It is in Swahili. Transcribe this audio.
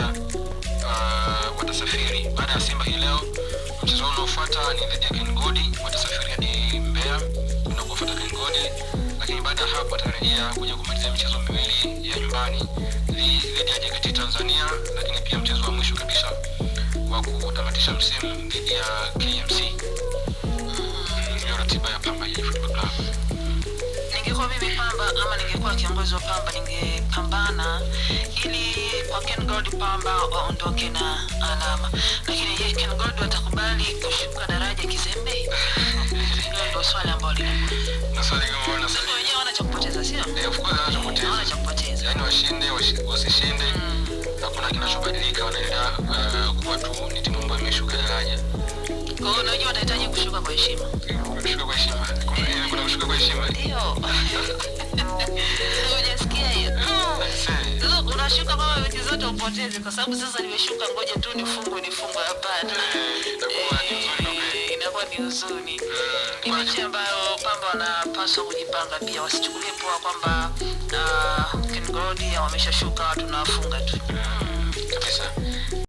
pia uh, watasafiri baada ya Simba hii leo. Mchezo unaofuata ni dhidi ya Kengodi, watasafiri hadi mbea unakofuata Kengodi, lakini baada ya hapo watarejea kuja kumalizia michezo miwili ya nyumbani dhidi ya JKT Tanzania, lakini pia mchezo wa mwisho kabisa wa kutamatisha msimu dhidi ya KMC. Ningekuwa mimi Pamba ama ningekuwa kiongozi wa Pamba ningepambana kwa Ken Gold Pamba waondoke na alama, lakini je, Ken Gold atakubali kushuka daraja kizembe? Hilo ndio swali ambalo lina. Na swali linakuja. Wenyewe wana cha kupoteza, sio? Eh, of course Wana cha kupoteza, cha kupoteza. Yaani washinde wasishinde, mm. hakuna kinachobadilika, wanaenda uh, kuwa tu ni timu ambayo imeshuka daraja. Kwa hiyo unajua watahitaji kushuka kwa heshima, kushuka kwa heshima, eh. kuna kushuka kwa heshima, ndio Unajisikia hiyo, eh. Sasa unashuka kwa mechi zote upoteze, kwa sababu sasa nimeshuka, ngoja tu nifungwe nifungwe. Hapana, eh, eh, eh, inakuwa ni huzuni. Ni mechi ambayo Pamba wanapaswa kujipanga pia, wasichukulie poa kwamba ah, kingodi wameshashuka wameshashuka, tunawafunga tu.